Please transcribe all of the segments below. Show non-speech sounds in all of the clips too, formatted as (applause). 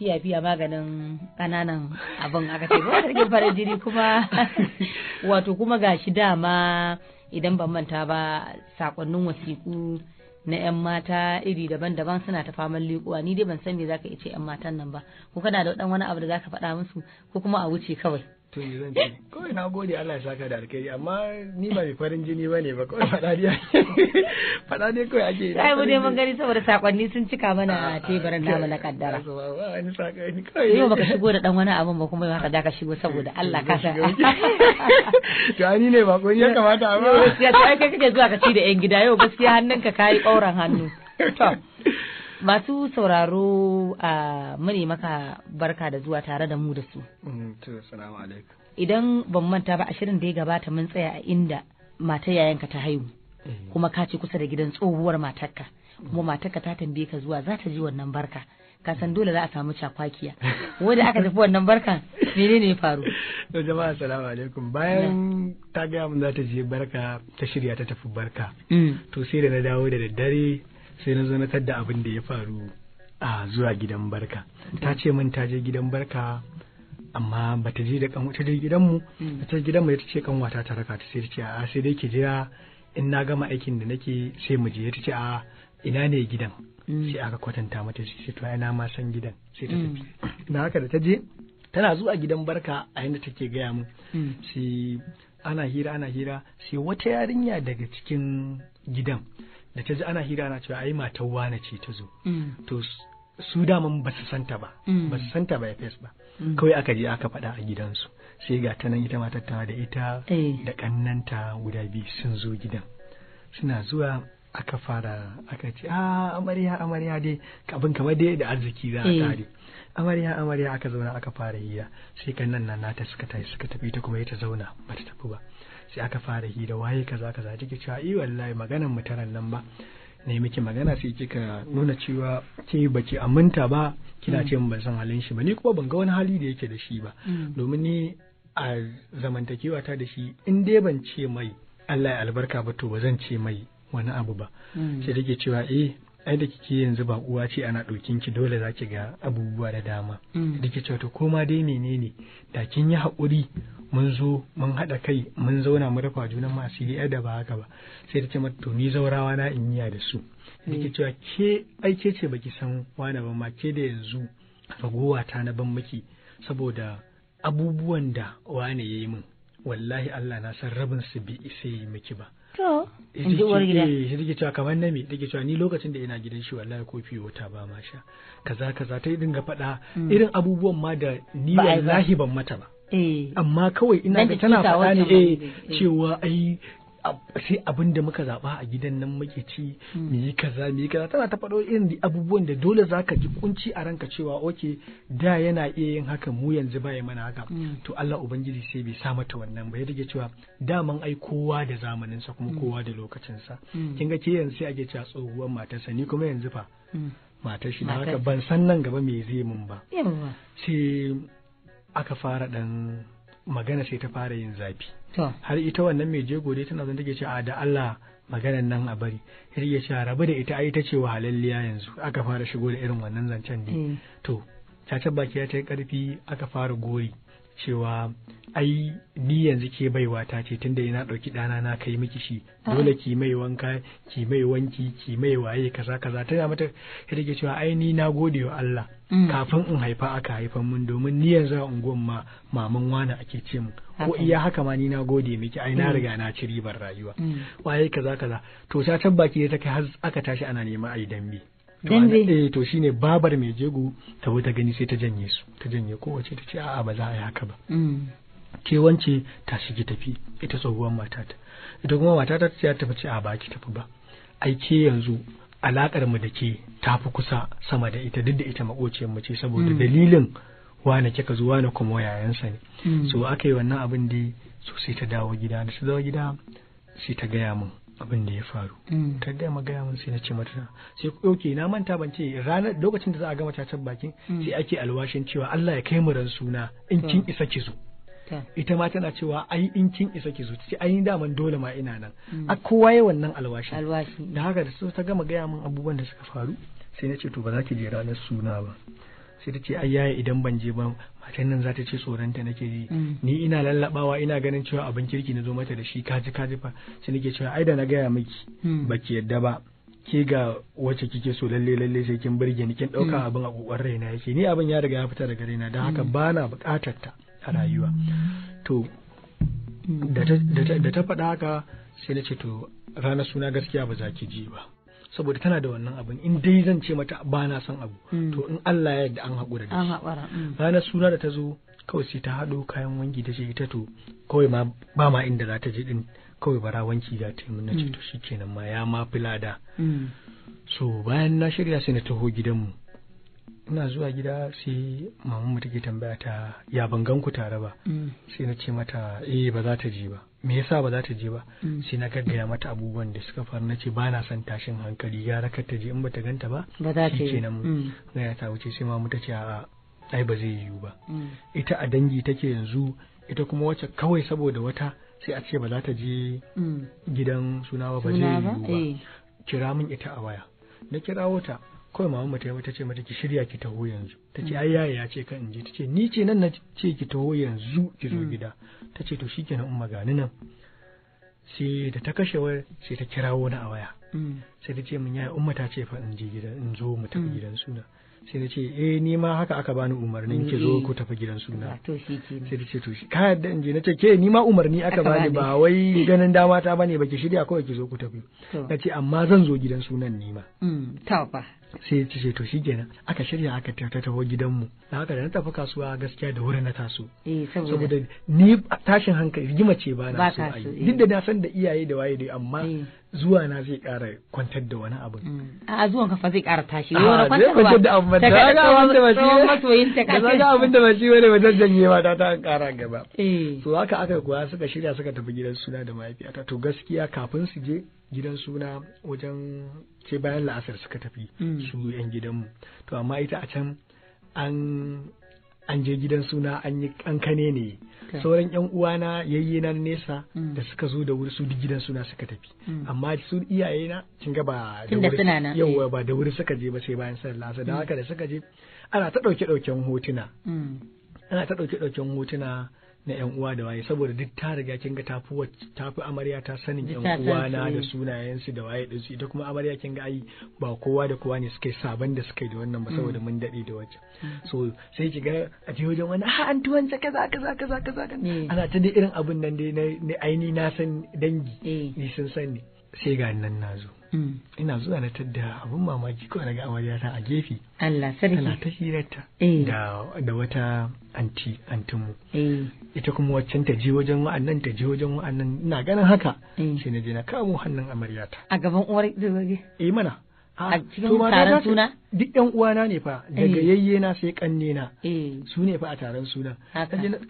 tafiya biya maganin kananan abin aka ce ba sarkin farin jini kuma wato kuma gashi dama idan ban manta ba sakonnin wasiku na 'yan mata iri daban-daban suna ta faman liƙuwa ni dai ban san me zaka ce 'yan matan nan ba ko kana da wani abu da zaka faɗa musu ko kuma a wuce kawai to yi zan ce kawai na gode Allah ya saka da alkhairi amma ni ba mai farin jini ba ne ba kawai fada ne (laughs) fada dai kawai ake sai bude mun gani saboda sakonni sun cika mana a ah, teburin namu na kaddara yau baka shigo da dan wani abin ba kuma haka ka shigo saboda Allah ka sa. (laughs) to ani ne ba ko ya kamata amma ya to kai kake zuwa ka ci da yan gida yau gaskiya hannunka kai kauran hannu (laughs) to masu sauraro a mure maka barka da zuwa tare da mu da su mm, idan ban manta ba ashirin da ya gabata mun tsaya a inda Mata yayanka ta haihu eh. kuma ka ce kusa da gidan tsohuwar matarka kuma matarka ta tambaye ka zuwa za ta ji wannan barka ka san dole za a samu cakwakiya (laughs) wanda aka tafi wannan barkan menene ya faru to jama'a assalamu alaikum bayan ta gaya mun za ta je barka ta shirya ta tafi barka mm. to sai da na dawo da daddare sai na zo da abin da ya faru a zuwa gidan barka ta ce min ta je gidan barka amma ba ta je da kan ta gidan mu mm. ta ce gidan mu ta ce kan wata ta raka ta sai ta ce a sai dai ke jira in na gama aikin da nake sai mu je ta ce a ina ne gidan mm. sai aka kwatanta mata sai to ina ma san gidan sai ta mm. tafi da haka da ta je tana zuwa gidan barka a yadda take gaya mu sai ana hira ana hira sai wata yarinya daga cikin gidan da ta ji ana hira na cewa ai matar wane ce ta zo mm. to su daman ba su santa ba mm. ba su santa ba ya fes ba mm. kawai aka je aka faɗa a gidansu sai ga ta nan ita matar tana da ita eh. da kannanta guda biyu sun zo gidan suna zuwa aka fara aka ce a ah, amarya amarya dai abin kamar dai da arziki za a tare eh. amarya amarya aka zauna aka fara hira sai kan nan nata suka tafi suka tafi ta kuma ita zauna ba ta tafi ba sai aka fara hira waye kaza kaza take cewa eh wallahi maganar mu nan ba ne miki magana sai kika nuna cewa ke baki aminta ba kina mm. ce ban san halin shi ba ni kuma ban ga wani hali da yake da shi ba mm. domin ni a zamantakewa ta da shi in dai ban ce mai Allah ya albarka ba to ba zan ce mai wani abu ba mm. sai take cewa eh ai da kike yanzu ba uwa ce ana ɗokin ki dole za ki ga abubuwa da dama mm. da ke cewa to koma dai menene da kin yi haƙuri mun zo mun haɗa kai mun zauna mu rufa junan masu yi da ba haka ba sai ta ce mata to ni zaurawa na in yiya da su da ke mm. cewa ke aike ce baki san wani ba ma ke da yanzu ragowa ta na ban miki saboda abubuwan da wani ya yi min wallahi Allah na san rabin su bi isa yi miki ba to in ji uwar gida cewa kamar na me take cewa ni lokacin da ina gidan shi wallahi kofi wata ba ma sha kaza kaza ta dinga faɗa mm. irin abubuwan ma da ni wallahi ban mata ba eh. amma kawai ina ga tana faɗa ne eh cewa ai sai abin da muka zaba a gidan nan muke ci mu yi kaza mu yi kaza tana ta faɗo irin abubuwan da dole zaka ji kunci a ranka cewa oke da yana iya yin haka mu yanzu ba mana haka mm. to Allah ubangiji sai bai sa mata wannan ba ya rage cewa daman ai kowa da zamanin sa kuma mm. kowa da lokacin sa mm. kin ga ke yanzu sai ake cewa tsohuwar matarsa ni kuma yanzu fa matar shi haka ban san nan gaba me zai mun ba sai aka fara dan magana sai ta fara yin zafi har ita wannan mai je gode tana zan take ce a da Allah maganan nan a bari sai ya ce rabu da ita ai ta ce wahalalliya yanzu aka fara shigo da irin wannan zancen ne eh. to cacar baki ya ta yi karfi aka fara gori cewa ai ni yanzu ke baiwa ta ce tunda ina ɗauki ɗana na kai miki shi ah. dole ki mai wanka ki mai wanki ki mai waye kaza kaza tana mata ta take cewa ai ni na gode wa Allah mm. kafin in haifa aka haifan mun domin ni yanzu a gon ma maman wani ake ce mu ko iya haka ma ni na gode miki ai na mm. riga na ci ribar rayuwa mm. waye kaza kaza to ta tabbaki ta kai har aka tashi ana neman ai dambe eh to shine babar mai jego ta ta gani sai ta janye su ta janye kowace ta ce a'a ba za a yi haka ba mm. ke wance ta shige tafi ita tsohuwar matata ita kuma mata ta ce ta tafi a baki tafi ba ai ke yanzu alakar mu da ke tafi kusa sama da ita duk da ita makociyar mu ce saboda mm. dalilin wane kika zuwa na kuma yayansa ne mm. so aka yi wannan abin da sosai ta dawo gida da ta dawo gida sai ta gaya min abin da ya faru mm. ta gama gaya min sai na ce mata sai ok na manta ban ce ranar lokacin da za a gama cacar bakin mm. sai ake alwashin cewa Allah ya kai mu ran suna in kin mm. isa ki zo ita ma tana cewa ai in kin isa ki zo ta ce ai daman dole ma ina nan a kowa ya wannan alwashi da haka da su ta gama gaya min abubuwan da suka faru sai na ce to ba za ki je ranar suna ba sai ta ce ai yaya idan ban je ba matan nan za ta ce tsoronta nake ji mm. ni ina lallabawa ina ganin cewa abin kirki na zo mata da shi kaji kaji fa sai nake cewa ai da na gaya miki mm. baki yadda ba ke ga wacce kike so lalle lalle sai kin burge ni kin dauka mm. abin a kokon raina yake ni abin ya riga ya fita daga raina dan haka bana bukatar ta a rayuwa to da ta faɗa haka sai na ce to ranar suna gaskiya ba za ki ji ba saboda tana da wannan abin in dai zan ce mata ba na son abu mm. to in Allah ya yarda an haƙura da shi mm. ranar suna da ta zo kawai sai ta haɗo kayan wanki da ce ita to kawai ma ba ma inda za ta je din kawai bara wanki za ta yi mun ce mm. to shikenan ma ya ma filada so bayan na shirya sai na taho gidan mu. ina zuwa gida sai mamanmu take tambaya ta ya bangan ku tare ba sai na ce mata eh ba za ta je ba me yasa ba za ta je ba mm. sai na gaggaya mata abubuwan da suka faru na ce ba na son tashin hankali gara kar ta je in bata ganta ba ba za ta yi nan mm. gaya ta wuce sai ma ta ce a ai ba zai yiwu ba mm. ita a dangi take yanzu ita kuma wacce kawai saboda wata sai a ce ba za ta je gidan suna ba ba zai yiwu ba eh. kira min ita a waya na kira wata. kawai mama ta yi ta ce mata ki shirya ki taho yanzu ta ce mm. ai yaya ya ce kan in ta ce ni ce nan na ce ki taho yanzu ki zo mm. gida ta ce to shikenan umma gani nan sai da ta kashe wayar sai ta kirawo na a waya mm. sai ta ce min yaya umma ta ce fa in je gida in zo mu tafi gidan suna sai na ce eh ni ma haka aka bani umarnin ki zo ku tafi gidan suna ah, to shi sai na. ce to shi ka yadda in je na ce ke ni ma umarni aka bani ba wai ganin dama ta bane baki shirya kawai ki zo ku tafi na ce amma zan zo gidan sunan ni ma mm, ta ba sai ya ce to kenan aka shirya aka ta gidan gidanmu da haka da na tafi kasuwa gaskiya da wurin na taso eh, saboda ni tashin hankali rigima ce ba na so duk da eh. na san da iyaye da waye dai amma eh. zuwa na zai ƙara kwantar da wani abu. Mm. A zuwan kafa zai ƙara tashi. Wani kwantar da abu. Ta kaɗa tsohon masoyin ta kashe. Zaga abin da mace wani wajen janye mata ta ƙara gaba. So eh. haka aka koya suka shirya suka tafi gidan suna da mahaifiyata. To gaskiya kafin su je gidan suna wajen ce bayan la'asar suka tafi mm. su 'yan gidanmu. To amma ita a can an an je gidan suna an yi kankane ne sauran yan uwana yayye na nesa mm. da suka zo da wuri su duk gidan suna suka tafi mm. amma su iyaye na kin ga ba da wuri yawa eh. ba da wuri suka je ba sai bayan sallah da mm. haka da suka je ana ta dauke dauken hotuna ana ta dauke dauken hotuna na yan uwa da waye saboda duk ta riga kin ga tafi tafi amarya ta sanin yan uwa na da sunayen su da waye din su ita kuma amarya kin ga ai ba kowa da kowa ne suke saban da suke da wannan ba saboda mm. mun dade da wacce mm. so sai ki ga a je wajen wani a ah, an tuwan kaza kaza kaza kaza eh. ana ta dai irin abun nan dai na aini na san dangi eh. ni sun sani sai ga nan na Hmm. ina zuwa na tadda abin mamaki ko na ga amaryata a gefe Allah sarki tana ta hirarta eh. da da wata anti antinmu eh. ita kuma waccan ta je wajen wa'annan ta je wajen wa'annan ina ganin haka eh. sai na je na kamo hannun amaryata a gaban uwar eh mana a ah, cikin taron suna duk uwa uwana ne fa daga yayye na sai kanne na su ne fa a taron suna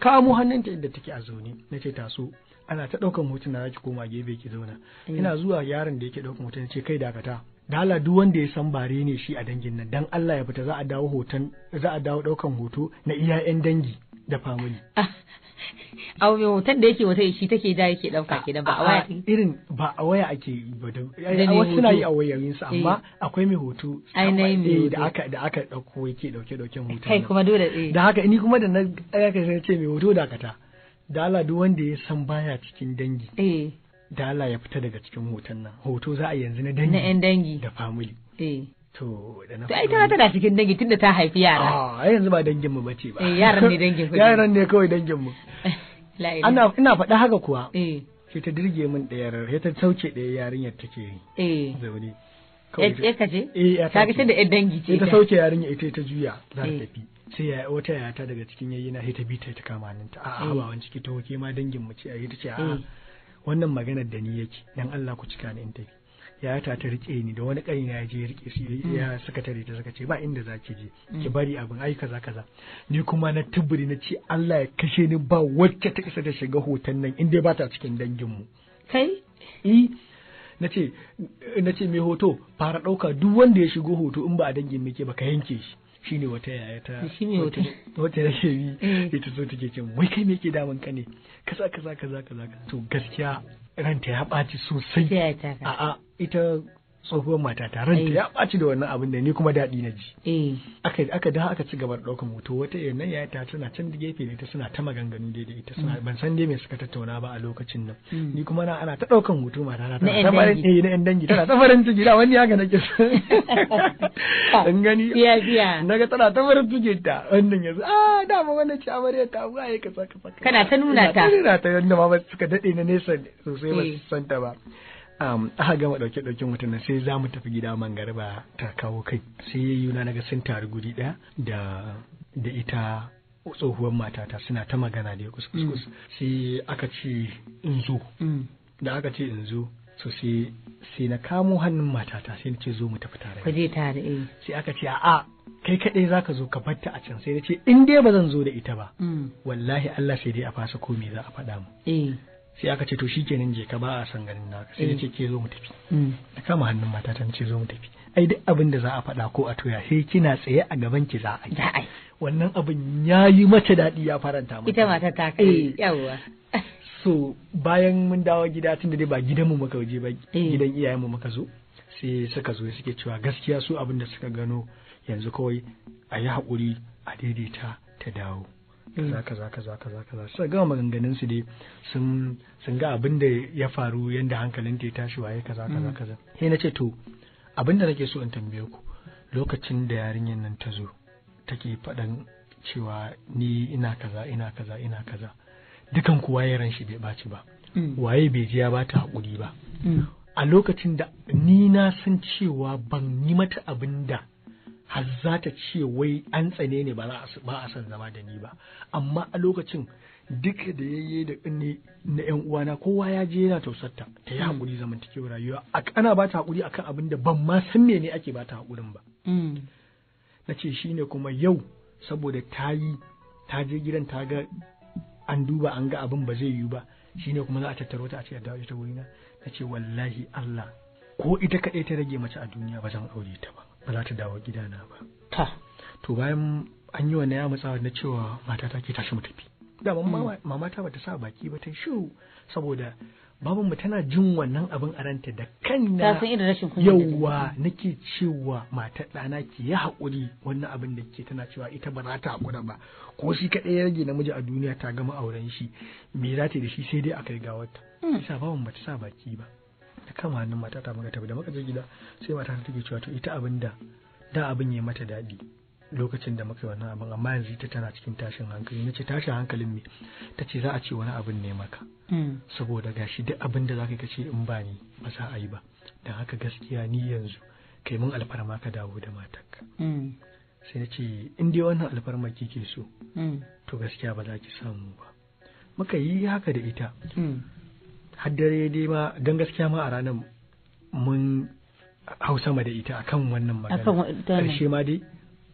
kamo ta inda take a zaune nace taso ana ta ɗaukan hotuna ki koma gefe ki zauna eh. ina zuwa yaron da yake ɗaukan hotuna ce kai dakata da Allah duk wanda ya san bare ne shi a dangin nan dan Allah ya fita za a dawo hoton za a dawo ɗaukan hoto na iya dangi da family a ah, wani hoton da yake wata shi take da yake dauka kenan ba a waya irin ba a waya ake yi ba da wasu suna yi a wayoyin su eh. amma akwai mai hoto eh, da aka da aka dauko yake dauke dauken hoton kai kuma dole da haka ni kuma da na aka ce mai hoto da ta da Allah duk wanda ya san baya cikin dangi eh. Dala da Allah ya fita daga cikin hoton nan hoto za a yanzu na dangi na yan dangi da family eh to da na to ai ta tana cikin dangi tunda ta haifi yara a ah, yanzu ba dangin mu bace ba eh yaran ne dangin ku (laughs) yaran ne kawai dangin mu (laughs) ana ina faɗa haka kuwa eh ta dirge min yarar, ya ta sauke ɗaya yarinyar take yi eh zaune kawai eh, ya kace eh ta ga da yan dangi ce ta sauke yarinyar ita ta juya za ta eh. tafi sai ya wata ya ta daga cikin yayi na ta bita ta kama nan ta a ba mm. wani ciki ta hoke ma dangin mu ce a ta ce a mm. wannan maganar da ni yake dan Allah ku cika ni in tafi ya ta ta rike ni da wani kaina na je ya rike shi mm. ya suka tare ta suka ce ba inda za ki je ki bari abin ai kaza kaza ni kuma na tuburi na ce Allah ya kashe ni ba wacce ta isa da shiga hoton nan in dai ba ta cikin dangin mu kai e, na ce mai hoto fara ɗauka duk wanda ya shigo hoto in ba a dangin muke ba ka yanke shi shine wata yaya ta shine wata wata nake bi eh. ita zo take ce wai kai me yake damun ka ne kaza kaza kaza kaza to gaskiya ranta ya baci sosai a'a ita tsohuwar mata ta ranta eh. ya ɓaci da wannan abin da ni kuma daɗi na ji. Eh. Aka da aka ci gaba da ɗaukar hoto wata irin nan yaya ta tana can gefe ne ta suna ta maganganu daidai ita suna mm. ban san dai me suka tattauna ba a lokacin nan. Mm. Ni kuma na ana ta ɗaukan hoto mata na ta farin eh na ƴan dangi tana ta farin ciki da wani haka nake so. Dan (laughs) gani. Biya biya. Naga tana ta farin ciki ta wannan yanzu ah dama wannan ci amarya ta ba ya kasa kasa. Kana ta nuna ta. Kana ta nuna ta yadda ma ba suka daɗe na nesa sosai ba su eh. san ta ba. (laughs) aka gama ɗauke ɗauken watan nan sai za mu tafi gida mangariba ta kawo kai sai yuna naga sun taru guri ɗaya da da ita tsohuwar matata suna ta magana da kuskus mm. sai aka ce in zo mm. da aka ce in zo so sai sai na kamo hannun matata sai na ce zo mu tafi tare ku je tare eh. sai aka ce a'a kai kaɗai za ka zo ka batta a can sai na ce in dai ba zan zo da ita ba mm. wallahi Allah sai dai a fasa komai za a faɗa mu eh. sai aka ce to shikenan je ka ba a san ganin naka sai ce ke zo mu tafi mm. na kama hannun mata ta ce zo mu tafi ai duk abin da za a faɗa ko a toya sai kina tsaye a gaban ki za a yi wannan abin ya yi mata daɗi ya faranta mata ita mata ta kai eh. yawa so bayan mun dawo gida tunda dai ba eh. gidan mu muka waje ba gidan mu muka zo sai suka zo suke cewa gaskiya su abin da suka gano yanzu kawai a yi hakuri a daidaita ta dawo kaza mm. kaza kaza kaza kaza sai ga maganganun su dai sun sun ga abin da ya faru yadda hankalin ta ya tashi waye kaza kaza mm. kaza sai nace to abin da nake so in tambaye ku lokacin da yarinyar nan ta zo take faɗan cewa ni ina kaza ina kaza ina kaza dukan ku waye ran shi bai baci ba mm. waye bai ji ya bata hakuri ba a lokacin da ni na san cewa ban yi mata abin da har za ta ce wai an tsane ne ba a san zama da ni ba amma a lokacin duk da yayye da na yan uwana kowa ya je yana tausarta ta yi hakuri take rayuwa a kana ba ta hakuri akan abin da ban ma san me ne ake ba ta hakurin ba mm. na ce shine kuma yau saboda ta yi ta je gidan ta ga an duba an ga abin ba zai yiwu ba shine kuma za a tattaro ta a ce a dawo ita wurina na ce wallahi Allah ko ita kaɗai ta rage mace a duniya ba zan aure ta ba ba za ta dawo gidana ba ta to bayan an yi na ya na cewa mata ta ke tashi mu tafi daman mama mm. ta bata sa baki ba ta shiru saboda babanmu mu tana jin wannan abin a ranta da kanna ta san nake cewa mata ɗana ke ya haƙuri wannan abin da ke tana cewa ita ba za ta haƙura ba ko shi kaɗai ya rage namiji a duniya ta gama auren shi me za ta da shi sai dai a kai gawarta mm. isa baban bata sa baki ba ya kama hannun mata ta muka tafi da muka je gida sai mata ta take cewa to ita abin da da abin ya mata daɗi lokacin da muka yi wannan abin amma yanzu ita tana cikin tashin hankali na ce tashin hankalin me ta ce za a ce wani abin ne maka hmm. saboda gashi duk abin da zaka kace in ba ni ba za a yi ba dan haka gaskiya ni yanzu kai mun alfarma ka dawo da matarka hmm. sai na ce in dai wannan alfarma kike so hmm. to gaskiya ba za ki samu ba muka yi haka da ita har dare dai ma don gaskiya ma a ranar mun hau sama da ita akan wannan magana karshe ma dai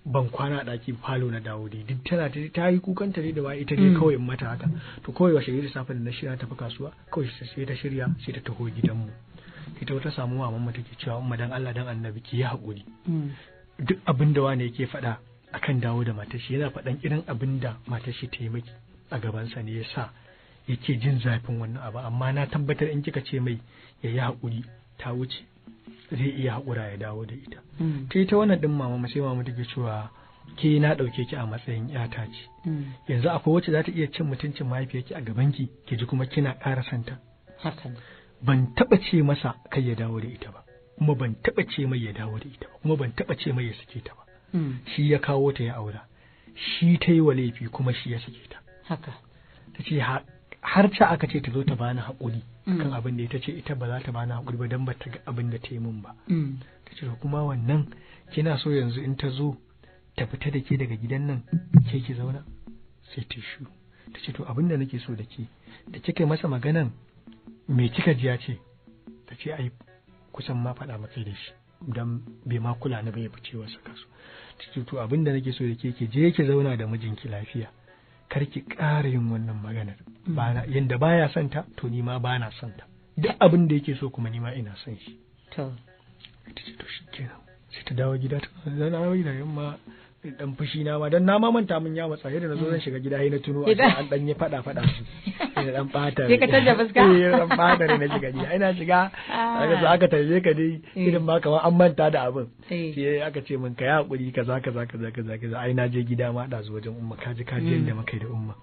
ban kwana daki falo na dawo dai duk tana ta yi kukan ta da ita dai mm. kawai in mata haka to kawai washe gari safe da na shirya tafi kasuwa kawai sai ta shirya sai ta taho mu ita wata samu maman mu ke cewa umma dan Allah dan annabi ki yi hakuri mm. duk abin da wani yake faɗa akan dawo da matashi yana faɗan irin abin da matashi ta yi maki a gabansa ne ya sa yake jin zafin wannan abu amma na tabbatar in kika ce mai ya yi haƙuri ta wuce zai iya haƙura ya dawo da ita mm. ta ita wannan ɗin mama sai mama take cewa ke na ɗauke ki a matsayin ƴata ce mm. yanzu akwai wacce za ta iya cin mutuncin mahaifiyarki a gaban ki ki ji kuma kina ƙara santa ban taɓa ce masa kai ya dawo da ita ba kuma ban taɓa ce mai ya dawo da ita ba kuma ban taɓa ce mai ya sake ta ba mm. shi ya kawo ta ya aura shi ta yi wa laifi kuma shi ya sake ta Haka. ta ce har ca aka ce ta zo ta bani haƙuri mm. kan abin da ita ce ita ba za ta bani haƙuri ba don ba ta ga abin da ta yi min ba mm. ta ce kuma wannan kina so yanzu in ta zo ta fita da ke daga gidan nan ke ki zauna sai ta shu ta ce to abin da nake so da ke da kika masa maganan me kika ji ya ce ta ce ai kusan ma faɗa maka da shi don bai ma kula na bai fice wasu kasu to abin da nake so da ke ke je ki zauna da mijinki lafiya karki ƙara yin wannan maganar mm. bana yanda baya son ta to ni ma bana son duk abin da yake so kuma ni ma ina son shi to ita ce to kenan sai ta dawo gida ta wai da yamma dan fushi na ma dan na ma manta mun ya matsa yadda nazo zan shiga gida na tuno an dan ya fada fada ina dan bata ne ka canja fuska eh dan bata ne na shiga gida ina shiga daga ah. zo aka tarje ka dai eh. irin ma kamar an manta da abin eh. sai aka ce mun ka yi hakuri kaza kaza kaza kaza kaza ai na je gida ma da zuwa wajen umma ka kaji kaji yadda mm. muka yi da umma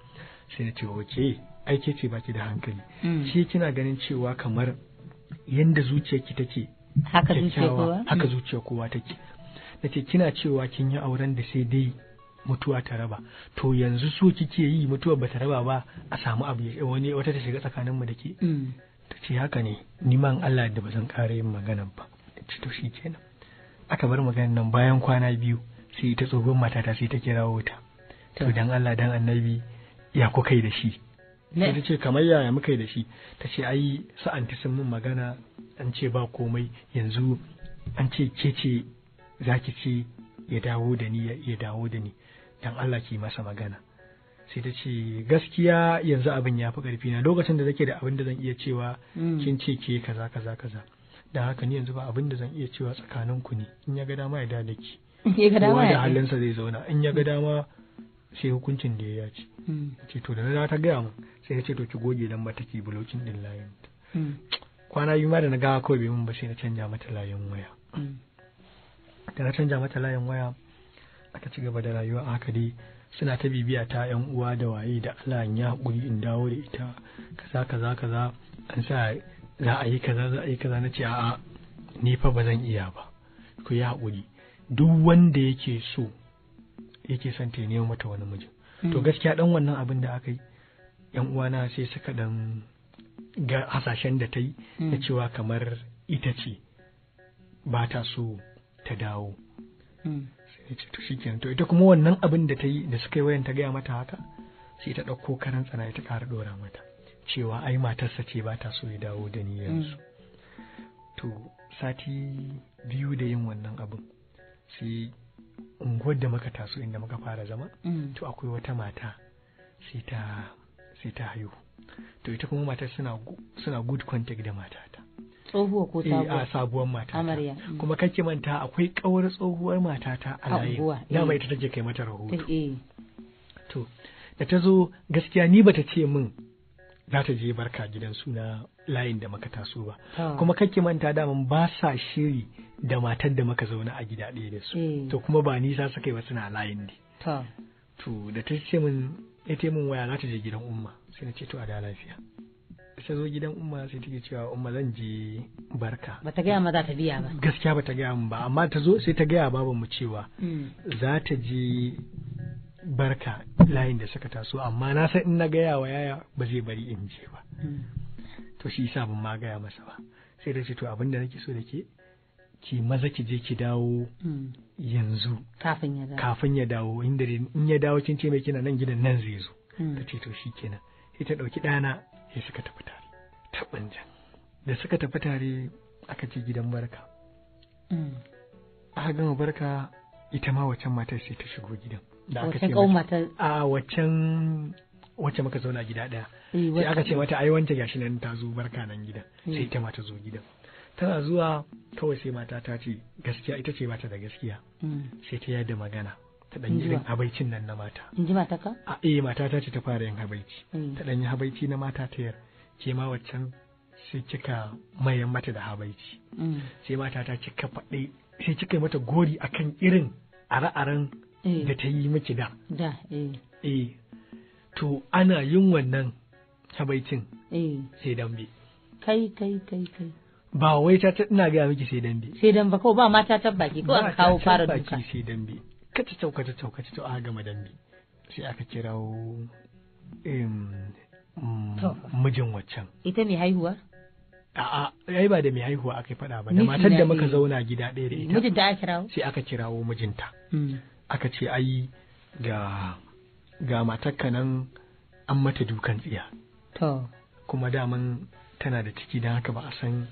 sai na ce oke ai ke ce baki da hankali shi mm. kina ganin cewa kamar yanda zuciyarki take haka zuciya kowa haka zuciya kowa take na ce kina cewa kin yi auren da sai dai mutuwa ta raba to yanzu so kike yi mutuwa ba ta raba ba a samu abu wani wata ta shiga tsakanin mu da ke mm. ta ce haka ne ni man Allah da ba zan ƙara yin magana ba ce to shi kenan aka bar maganan nan bayan kwana biyu sai ita tsogon matata sai ta kirawo ta to dan Allah dan annabi ya ku kai da shi sai ta ce kamar yaya muka yi da shi ta ce ai sa'anti sun mun magana an ce ba komai yanzu an ce ke ce Za ki ce ya dawo da ni ya dawo da ni dan Allah ki masa magana sai ta ce gaskiya yanzu abin ya fi ƙarfi na lokacin da take da abin da zan iya cewa mm. kin ce ke kaza kaza kaza da haka ni yanzu ba abin da zan iya cewa tsakanin ku ne in ya ga dama ya dada ki (laughs) kowa da halinsa zai zauna in ya ga dama sai hukuncin da ya ci mm. ce to da na ta gaya mu sai ya ce to ki goge dan mata ki bulokin din layin mm. kwana biyu ma da na ga kawai bai mun ba sai na canja mata layin waya daga canja mata layin waya aka ci gaba da rayuwa a haka dai suna ta bibiya ta yan uwa da waye da Allah ya hakuri in dawo da ita kaza kaza kaza an sa za a yi kaza za a yi kaza nace a'a ni fa ba zan iya ba ku ya hakuri duk wanda yake so yake son ta nemo mata wani mijin hmm. to gaskiya dan wannan abin da aka yi yan na sai suka dan ga hasashen da ta yi na hmm. cewa kamar ita ce ba ta so ta dawo hmm. sai to ita kuma wannan abin da ta yi da suka yi wayan ta gaya mata haka sai ta ɗauko karan tsana ta ƙara ɗora mata cewa ai matarsa ce ba ta so ya dawo da ni yanzu hmm. to sati biyu da yin wannan abin sai unguwar da muka taso inda muka fara zama hmm. to akwai wata mata sai ta haihu to ita kuma matar suna good contact da matata tsohuwa ko sabuwa eh, a sabuwar mata amarya mm. kuma kake manta akwai kawar tsohuwar matata ta a layin eh. dama ita take kai mata rahoto eh. to da ta zo gaskiya ni bata ce min za ta je barka gidan suna layin da muka taso ba kuma kake manta daman ba sa shiri da matar da muka zauna a gida ɗaya da su to kuma ba nisa suka yi ba suna layin ne to da ta ce min ita min waya za ta je gidan umma sai na ce to a da lafiya ta zo gidan umma sai take cewa umma zan je barka Ba ta gaya ma za ta biya ba gaskiya ba ta gaya min ba amma ta zo sai ta gaya baban mu cewa mm. za ta je barka layin da suka taso amma na san in na gaya wa yaya ba zai bari in je ba mm. to shi yasa ban ma gaya masa ba sai ta ce to abin da nake so da ke ki maza ki je ki dawo mm. yanzu kafin ya dawo kafin ya dawo inda in ya dawo kin ce mai kina nan gidan nan zai zo ta ce to shikenan sai ta ɗauki ɗana sai suka tafi tare taɓin jan da suka tafi tare aka ce gidan barka mm. aka gama barka ita ma waccan matar sai ta shigo gidan da aka ce mata a waccan wacce muka zauna gida ɗaya eh, sai aka ce mata ai wance gashi nan ta zo barka nan gidan eh. sai ita ma ta zo gidan tana zuwa kawai sai mata ta ce gaskiya ita ce bata da gaskiya mm. sai ta yada magana ta dan irin habaicin nan na mata in ji mata ka a eh mata ta ce ta fara yin habaici mm. ta dan yi habaici na mata ta yar ke ma waccan sai kika mayan mata da habaici mm. sai mata ta kika faɗi sai kika mata gori akan irin are-aren eh. da ta yi miki da da eh, eh. to ana yin wannan habaicin eh. sai dambe kai kai kai kai ba wai ta ina gaya miki sai dambe sai dambe ko ba mata ta baki ko an kawo fara duka sai dambe kaci cau kaci cau ta cau aka gama dambe sai aka kirawo mijin waccan ita mai haihuwa a'a ai ba da mai haihuwa aka faɗa ba da matar da muka zauna gida ɗaya da ita mijinta aka kirawo sai aka kirawo mijinta hmm. aka ce ai ga ga matarka nan an mata dukan tsiya to kuma daman tana da ciki don haka ba a san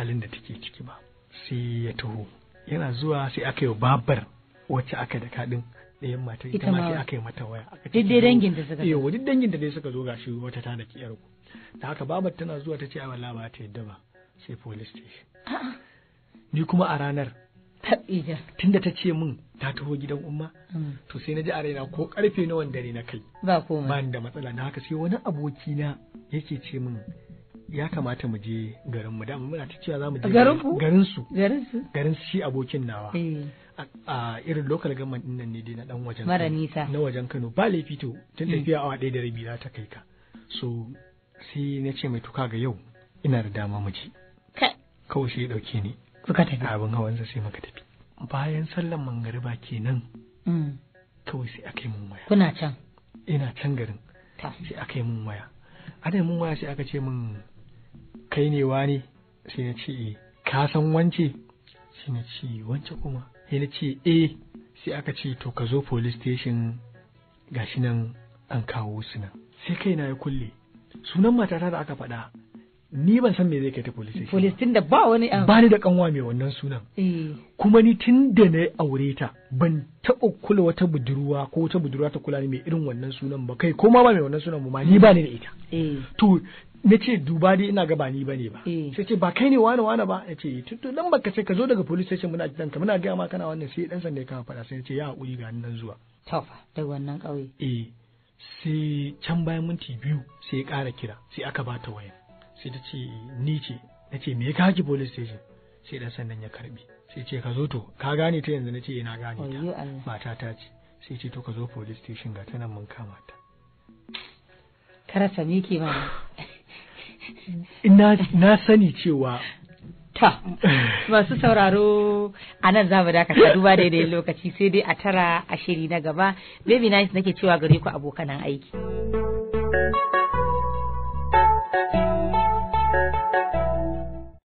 halin da take ciki ba sai ya taho yana zuwa sai aka yi babbar. wacce aka da kaɗin ɗayan matar ita ma sai aka yi mata waya duk dangin da suka zo. duk dangin da dai suka zo gashi wata ta da kiyar ku da haka babar tana zuwa ta ce a wallahi ba ta yadda ba sai police station ni kuma a ranar tunda ta ce min ta taho gidan umma mm. to sai na ji a raina ko karfe wanda ne na kai ba komai ba da matsala na haka sai wani aboki na yake ce min ya kamata mu je garin mu da muna ta cewa za mu je garin su garin su garin su shi abokin nawa eh. a irin local government din nan ne dai na dan wajen mara nisa na wajen Kano ba laifi to tun hmm. tafiya awa ɗaya da rabi za ta kai ka so sai na ce mai tuka ga yau ina da dama mu je kawai shi ya dauke ni suka tafi abin hawan sai muka tafi bayan sallan mangariba kenan hmm. kawai sai aka yi mun waya kuna can ina can garin sai aka yi mun waya ana mun waya sai aka ce mun kai ne wani sai na ce eh ka san wance sai na ce wance kuma sai na ce eh sai aka ce to ka zo police station gashi nan an kawo su nan sai kaina ya kulle sunan matata da aka faɗa ni ban san me zai kai ta police station police tunda ba wani an bani da kanwa mai wannan sunan eh. kuma ni tun da na aure ta ban taɓa kula wata budurwa ko wata budurwa ta kula ni mai irin wannan sunan ba kai ko ma ba mai wannan sunan ba ni ba ni da ita eh. to na ce duba dai ina ga ba ni bane ba eh. sai ce ba kai ne wani wani ba ya ce eh, to dan baka ce ka zo daga police station muna jiran ka muna ga ma kana wannan sai dan sanda ya kama fada sai ya ce ya hakuri ga nan zuwa tafa da wannan kauye eh sai can bayan minti biyu sai ya kara kira sai aka ba ta waya sai ta ce ni ce na ce me ya kaki police station sai dan sandan ya karbi sai ce ka zo to ka gane ta yanzu na ce ina eh, gane ta mata ta ce sai ce to ka zo police station ga ta nan mun kama ta karasa me ke ba (laughs) na sani cewa ta masu sauraro a nan za mu dakata duba daidai lokaci sai dai a tara a na gaba baby nice nake cewa gare ku abokanan aiki.